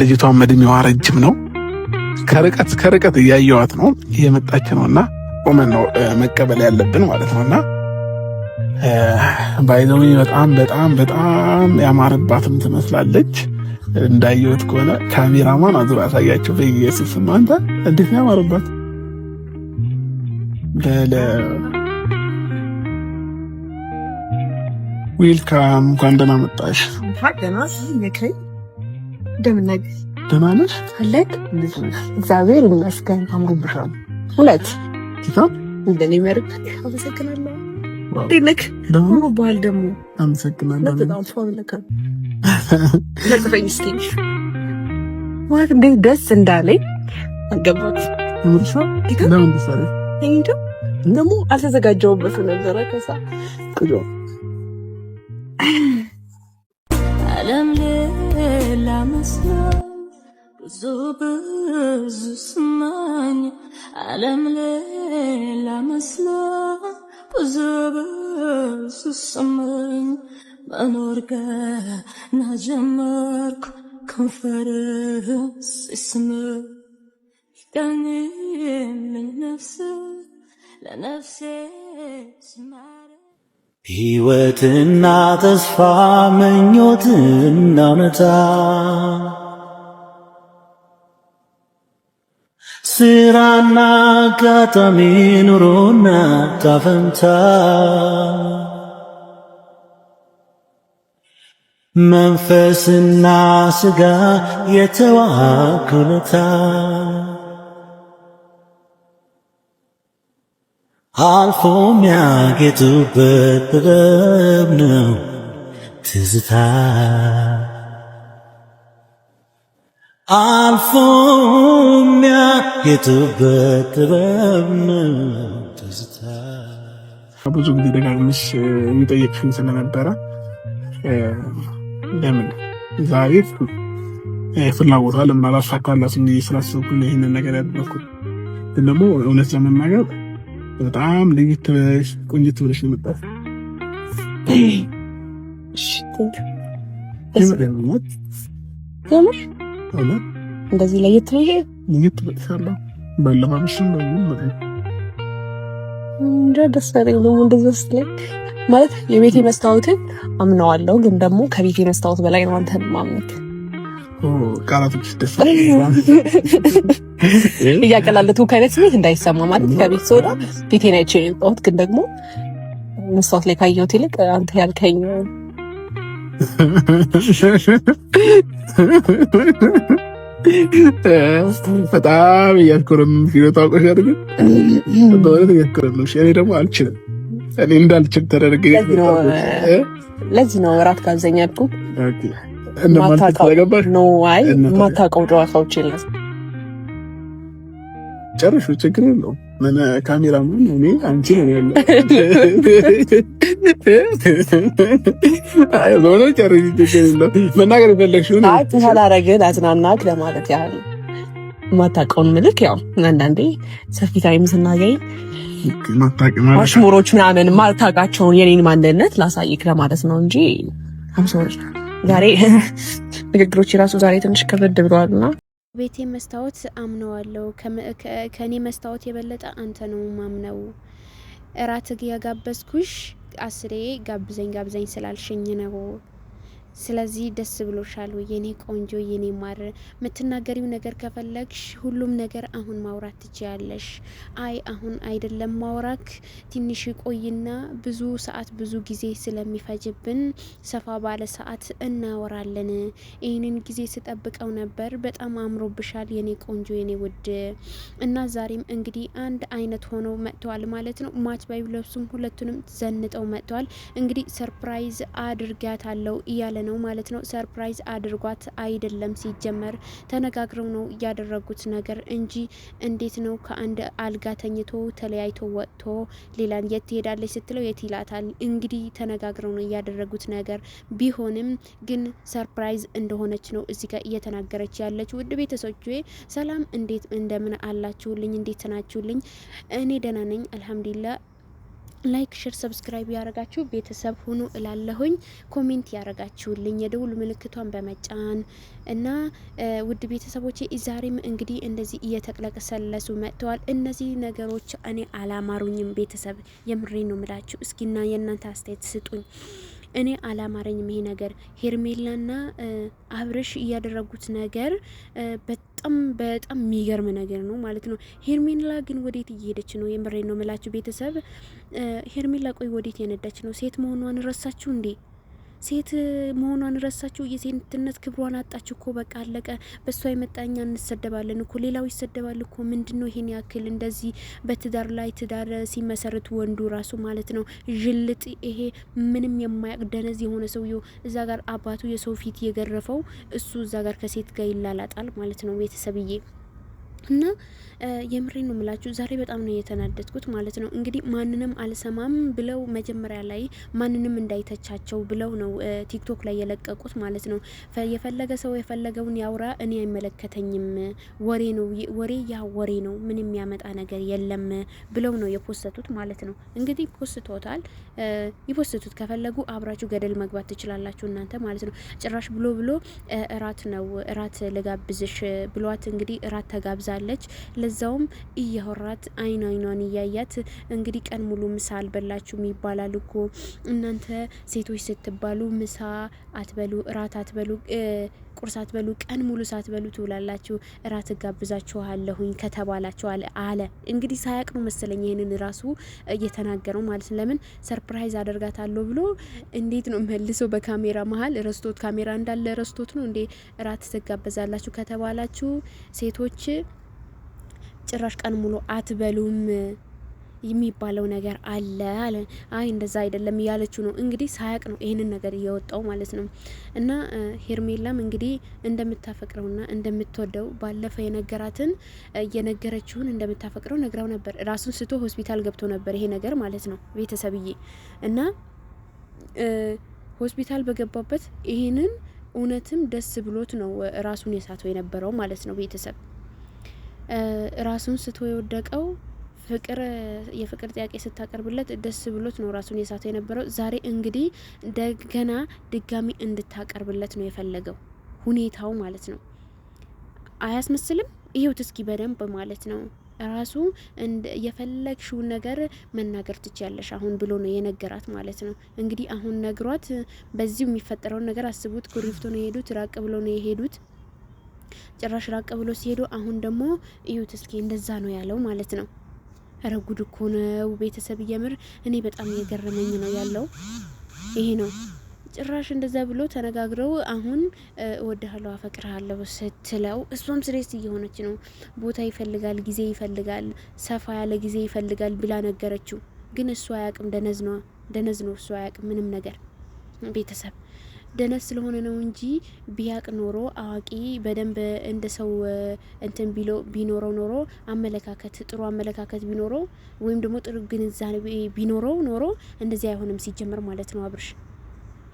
ልጅቷ መድሚዋ ረጅም ነው። ከርቀት ከርቀት እያየዋት ነው እየመጣች ነው እና ቆመን ነው መቀበል ያለብን ማለት ነው። እና ባይዘዊ በጣም በጣም በጣም ያማረባትም ትመስላለች። እንዳየሁት ከሆነ ካሜራማን አዙር ያሳያቸው በኢየሱስ አንተ እንዴት ነው ያማረባት ዊልካም እንኳን ደህና መጣሽ። እንደምናገኝ ደህና ነሽ? አለቅ እግዚአብሔር ይመስገን። አምሮብሻል። ሁለት ቲታን እንደኔ መርቅ። አመሰግናለሁ። ዴነክ ደግሞ በኋላ ደግሞ አመሰግናለሁ። ለጥፈኝ ስ ማለት እንዴት ደስ እንዳለኝ አገባት ደግሞ አልተዘጋጀውበትም ነበረ ከሳ ብዙ ብዙ ስናኝ ዓለም ሌላ መስላ ብዙ ብዙ ስማኝ መኖር ገና ጀመርኩ ከንፈርህ ሲስምር ይቀንልኝ ነፍስ ለነፍሴ ሲማረ ሕይወትና ተስፋ ምኞትና እውነታ ስራና አጋጣሚ ኑሮና ጣፈንታ መንፈስና ስጋ የተዋኩለታ አልፎ የሚያጌጡበት ጥበብ ነው ትዝታ አልፎ የቱበት ብዙ ጊዜ ደጋግመሽ የሚጠይቅሽኝ ስለነበረ ለምን ዛሬ ፍላጎቷ ለምን አላሳካላት ስላሰብኩ ይህንን ነገር ያደረኩት። ግን ደግሞ እውነት ለመናገር በጣም ልዩት ብለሽ ቆንጅት ብለሽ ነው የመጣሽ። እንደዚህ ለየት ብዬ የት ትመጥሳለሁ መለማመሽን ነው ምን እንጃ ደስ አይለኝም እንደዛ ስትለኝ ማለት የቤቴ መስታወትን አምነዋለሁ፣ ግን ደግሞ ከቤቴ መስታወት በላይ ነው አንተን ማምነት። ቃላቶች ደስ እያቀላለቱ ከአይነት ስሜት እንዳይሰማ ማለት ከቤት ስወጣ ቤቴን አይቼ የወጣሁት፣ ግን ደግሞ መስታወት ላይ ካየሁት ይልቅ አንተ ያልከኝ በጣም እያሽኮረመምሽ ነው። ታውቀሻል ግን በእውነት እያሽኮረመምሽ። እኔ ደግሞ አልችልም። እኔ እንዳልችል ተደርግ። ለዚህ ነው እራት ጋብዘኝ ያልኩህ። የማታውቀው ጨዋታዎች የለም። ጨርሹ ችግር የለውም ምን ካሜራ ምን እኔ አንቺ ነው ያለው አይ ዞሮ ጨርሽ ትችላለ መናገር የፈለግሽው ነው። አይ ሳላረግህ ላዝናናክ ለማለት ያህል ማታቀውን ምልክ ያው አንዳንዴ ሰፊ ታይም ስናገኝ ማሽሙሮች ምናምን ማልታውቃቸውን የኔን ማንነት ላሳይክ ለማለት ነው እንጂ ዛሬ ንግግሮች የራሱ ዛሬ ትንሽ ከበድ ብለዋልና ቤቴ መስታወት አምነዋለሁ። ከእኔ መስታወት የበለጠ አንተ ነው ማምነው። እራት ያጋበዝኩሽ አስሬ ጋብዘኝ ጋብዘኝ ስላልሽኝ ነው። ስለዚህ ደስ ብሎሻል ወይ የኔ ቆንጆ የኔ ማር? የምትናገሪው ነገር ከፈለግሽ ሁሉም ነገር አሁን ማውራት ትችያለሽ። አይ አሁን አይደለም ማውራክ፣ ትንሽ ቆይና ብዙ ሰዓት ብዙ ጊዜ ስለሚፈጅብን ሰፋ ባለ ሰዓት እናወራለን። ይህንን ጊዜ ስጠብቀው ነበር። በጣም አምሮብሻል የኔ ቆንጆ የኔ ውድ። እና ዛሬም እንግዲህ አንድ አይነት ሆነው መጥተዋል ማለት ነው። ማች ባይ ለብሱም ሁለቱንም ዘንጠው መጥተዋል። እንግዲህ ሰርፕራይዝ አለው እያለ ነው ማለት ነው። ሰርፕራይዝ አድርጓት አይደለም ሲጀመር ተነጋግረው ነው ያደረጉት ነገር እንጂ እንዴት ነው ከአንድ አልጋ ተኝቶ ተለያይቶ ወጥቶ ሌላ የት ትሄዳለች ስትለው የት ይላታል። እንግዲህ ተነጋግረው ነው ያደረጉት ነገር ቢሆንም ግን ሰርፕራይዝ እንደሆነች ነው እዚህ ጋር እየተናገረች ያለች። ውድ ቤተሰቦቼ ሰላም፣ እንዴት እንደምን አላችሁልኝ? እንዴት ናችሁልኝ? እኔ ደህና ነኝ አልሐምዱሊላህ ላይክ ሼር ሰብስክራይብ ያደረጋችሁ ቤተሰብ ሁኑ እላለሁኝ። ኮሜንት ያደረጋችሁልኝ የደውል ምልክቷን በመጫን እና ውድ ቤተሰቦች ዛሬም እንግዲህ እንደዚህ እየተቅለቀሰለሱ መጥተዋል። እነዚህ ነገሮች እኔ አላማሩኝም። ቤተሰብ የምሬ ነው ምላችሁ። እስኪና የእናንተ አስተያየት ስጡኝ። እኔ አላማረኝም ይሄ ነገር ሄርሜላና አብርሽ እያደረጉት ነገር በጣም በጣም የሚገርም ነገር ነው ማለት ነው። ሄርሜላ ግን ወዴት እየሄደች ነው? የምሬ ነው ምላችሁ ቤተሰብ። ሄርሜላ ቆይ ወዴት የነዳች ነው? ሴት መሆኗን ረሳችሁ እንዴ? ሴት መሆኗን ረሳችሁ፣ የሴትነት ክብሯን አጣች እኮ በቃ አለቀ። በእሷ የመጣኛ እንሰደባለን እኮ ሌላው ይሰደባል እኮ። ምንድን ነው ይሄን ያክል እንደዚህ በትዳር ላይ ትዳር ሲመሰርት ወንዱ ራሱ ማለት ነው ዥልጥ፣ ይሄ ምንም የማያቅ ደነዝ የሆነ ሰውዬው እዛ ጋር አባቱ የሰው ፊት የገረፈው እሱ እዛ ጋር ከሴት ጋር ይላላጣል ማለት ነው ቤተሰብዬ እና የምሬን ነው ምላችሁ፣ ዛሬ በጣም ነው የተናደድኩት ማለት ነው። እንግዲህ ማንንም አልሰማም ብለው መጀመሪያ ላይ ማንንም እንዳይተቻቸው ብለው ነው ቲክቶክ ላይ የለቀቁት ማለት ነው። የፈለገ ሰው የፈለገውን ያውራ፣ እኔ አይመለከተኝም፣ ወሬ ነው ወሬ፣ ያ ወሬ ነው፣ ምን የሚያመጣ ነገር የለም ብለው ነው የፖስተቱት ማለት ነው። እንግዲህ ፖስቶታል፣ ይፖስቱት ከፈለጉ አብራችሁ ገደል መግባት ትችላላችሁ እናንተ ማለት ነው። ጭራሽ ብሎ ብሎ እራት ነው እራት ልጋብዝሽ ብሏት እንግዲህ እራት ተጋብዛ ይዛለች። ለዛውም እያወራት አይን አይኗን እያያት እንግዲህ ቀን ሙሉ ምሳ አልበላችሁም ይባላል እኮ እናንተ ሴቶች ስትባሉ ምሳ አትበሉ፣ እራት አትበሉ ቁርስ አትበሉ፣ ቀን ሙሉ ሳትበሉ ትውላላችሁ፣ እራት እጋብዛችኋለሁኝ ከተባላችሁ አለ። እንግዲህ ሳያቅ ነው መሰለኝ ይህንን ራሱ እየተናገረው ማለት ነው። ለምን ሰርፕራይዝ አደርጋታለሁ ብሎ እንዴት ነው መልሶ በካሜራ መሀል ረስቶት፣ ካሜራ እንዳለ ረስቶት ነው እንዴ እራት ትጋበዛላችሁ ከተባላችሁ ሴቶች ጭራሽ ቀን ሙሉ አትበሉም የሚባለው ነገር አለ አለ። አይ እንደዛ አይደለም እያለችው ነው እንግዲህ ሳያቅ ነው ይህንን ነገር እየወጣው ማለት ነው። እና ሄርሜላም እንግዲህ እንደምታፈቅረውና እንደምትወደው ባለፈ የነገራትን እየነገረችውን እንደምታፈቅረው ነግራው ነበር። ራሱን ስቶ ሆስፒታል ገብቶ ነበር ይሄ ነገር ማለት ነው ቤተሰብዬ። እና ሆስፒታል በገባበት ይህንን እውነትም ደስ ብሎት ነው ራሱን የሳተው የነበረው ማለት ነው ቤተሰብ ራሱን ስቶ የወደቀው ፍቅር የፍቅር ጥያቄ ስታቀርብለት ደስ ብሎት ነው ራሱን የሳተ የነበረው። ዛሬ እንግዲህ እንደገና ድጋሚ እንድታቀርብለት ነው የፈለገው ሁኔታው ማለት ነው። አያስመስልም? ይሄው እስኪ በደንብ ማለት ነው ራሱ የፈለግሽውን ነገር መናገር ትችያለሽ አሁን ብሎ ነው የነገራት ማለት ነው። እንግዲህ አሁን ነግሯት በዚሁ የሚፈጠረውን ነገር አስቡት። ኩሪፍቶ ነው የሄዱት፣ ራቅ ብሎ ነው የሄዱት። ጭራሽ ራቅ ብሎ ሲሄዱ አሁን ደግሞ እዩት እስኪ እንደዛ ነው ያለው ማለት ነው። ረጉድ እኮ ነው ቤተሰብ እየምር እኔ በጣም እየገረመኝ ነው ያለው ይሄ ነው ጭራሽ እንደዛ ብሎ ተነጋግረው አሁን እወድሃለሁ አፈቅርሃለሁ ስትለው እሷም ስሬስ እየሆነች ነው። ቦታ ይፈልጋል፣ ጊዜ ይፈልጋል፣ ሰፋ ያለ ጊዜ ይፈልጋል ብላ ነገረችው። ግን እሱ አያቅም። ደነዝ ነው ደነዝ ነው እሱ አያቅም ምንም ነገር ቤተሰብ ደነስ ስለሆነ ነው እንጂ ቢያቅ ኖሮ አዋቂ በደንብ እንደ ሰው እንትን ቢኖረው ኖሮ አመለካከት ጥሩ አመለካከት ቢኖረው ወይም ደግሞ ጥሩ ግንዛቤ ቢኖረው ኖሮ እንደዚህ አይሆንም ሲጀመር ማለት ነው። አብርሽ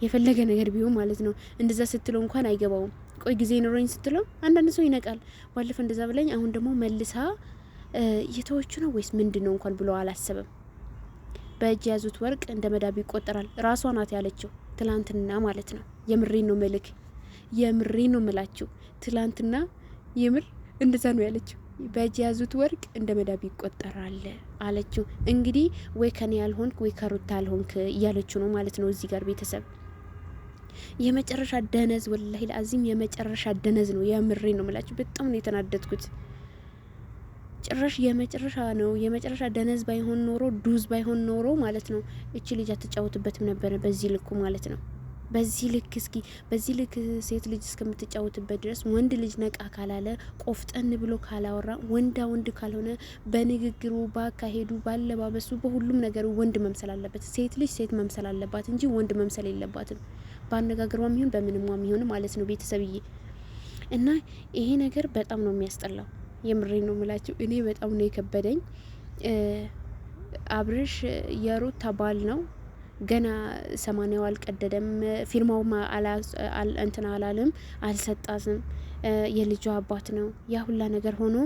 የፈለገ ነገር ቢሆን ማለት ነው እንደዛ ስትለው እንኳን አይገባውም። ቆይ ጊዜ ኖሮኝ ስትለው አንዳንድ ሰው ይነቃል። ባለፈ እንደዛ ብለኝ አሁን ደግሞ መልሳ የተወቹ ነው ወይስ ምንድን ነው እንኳን ብሎ አላሰበም። በእጅ የያዙት ወርቅ እንደ መዳብ ይቆጠራል። ራሷ ናት ያለችው ትላንትና ማለት ነው። የምሬን ነው መልክ የምሬን ነው ምላችሁ። ትላንትና የምር እንደዛ ነው ያለችው። በእጅ ያዙት ወርቅ እንደ መዳብ ይቆጠራል አለችው። እንግዲህ ወይ ከኔ ያልሆንክ ወይ ከሩታ ያልሆንክ እያለችው ነው ማለት ነው። እዚህ ጋር ቤተሰብ የመጨረሻ ደነዝ ወላሂ ለአዚም የመጨረሻ ደነዝ ነው። የምሬ ነው ምላችሁ። በጣም ነው የተናደድኩት። ጭራሽ የመጨረሻ ነው የመጨረሻ ደነዝ ባይሆን ኖሮ ዱዝ ባይሆን ኖሮ ማለት ነው እቺ ልጅ አትጫወትበትም ነበረ በዚህ ልኩ ማለት ነው። በዚህ ልክ እስኪ በዚህ ልክ ሴት ልጅ እስከምትጫወትበት ድረስ ወንድ ልጅ ነቃ ካላለ ቆፍጠን ብሎ ካላወራ ወንዳ ወንድ ካልሆነ በንግግሩ፣ ባካሄዱ ባለባበሱ፣ በሁሉም ነገሩ ወንድ መምሰል አለበት። ሴት ልጅ ሴት መምሰል አለባት እንጂ ወንድ መምሰል የለባትም። በአነጋገሯም ይሁን በምንሟ ይሁን ማለት ነው ቤተሰብዬ። እና ይሄ ነገር በጣም ነው የሚያስጠላው። የምሬ ነው የምላችሁ። እኔ በጣም ነው የከበደኝ። አብርሽ የሩታ ባል ነው ገና ሰማንያው አልቀደደም፣ ፊርማው እንትን አላልም፣ አልሰጣትም። የልጁ አባት ነው። ያ ሁላ ነገር ሆኖ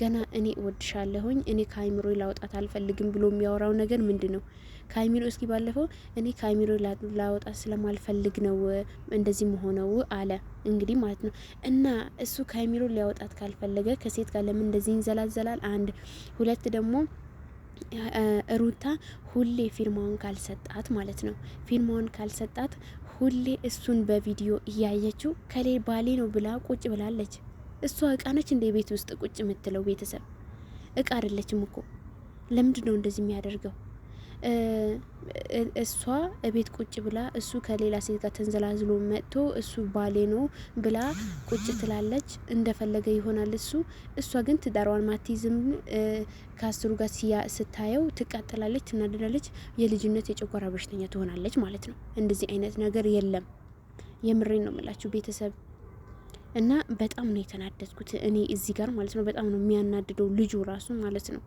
ገና እኔ እወድሻለሁኝ እኔ ከአይምሮ ላውጣት አልፈልግም ብሎ የሚያወራው ነገር ምንድን ነው? ከአይምሮ እስኪ ባለፈው እኔ ከአይምሮ ላውጣት ስለማልፈልግ ነው እንደዚህ መሆነው አለ እንግዲህ ማለት ነው። እና እሱ ከአይምሮ ሊያወጣት ካልፈለገ ከሴት ጋር ለምን እንደዚህ ይንዘላዘላል? አንድ ሁለት ደግሞ ሩታ ሁሌ ፊርማውን ካልሰጣት ማለት ነው ፊርማውን ካልሰጣት ሁሌ እሱን በቪዲዮ እያየችው ከሌ ባሌ ነው ብላ ቁጭ ብላለች። እሷ እቃ ነች እንደ ቤት ውስጥ ቁጭ የምትለው ቤተሰብ እቃ አይደለችም እኮ። ለምንድን ነው እንደዚህ የሚያደርገው? እሷ እቤት ቁጭ ብላ እሱ ከሌላ ሴት ጋር ተንዘላዝሎ መጥቶ እሱ ባሌ ነው ብላ ቁጭ ትላለች። እንደፈለገ ይሆናል እሱ። እሷ ግን ትዳሯን ማቲዝም ከአስሩ ጋር ስታየው ትቃጠላለች፣ ትናደዳለች። የልጅነት የጨጓራ በሽተኛ ትሆናለች ማለት ነው። እንደዚህ አይነት ነገር የለም። የምሬን ነው የምላችሁ ቤተሰብ እና በጣም ነው የተናደድኩት እኔ እዚህ ጋር ማለት ነው። በጣም ነው የሚያናድደው ልጁ ራሱ ማለት ነው።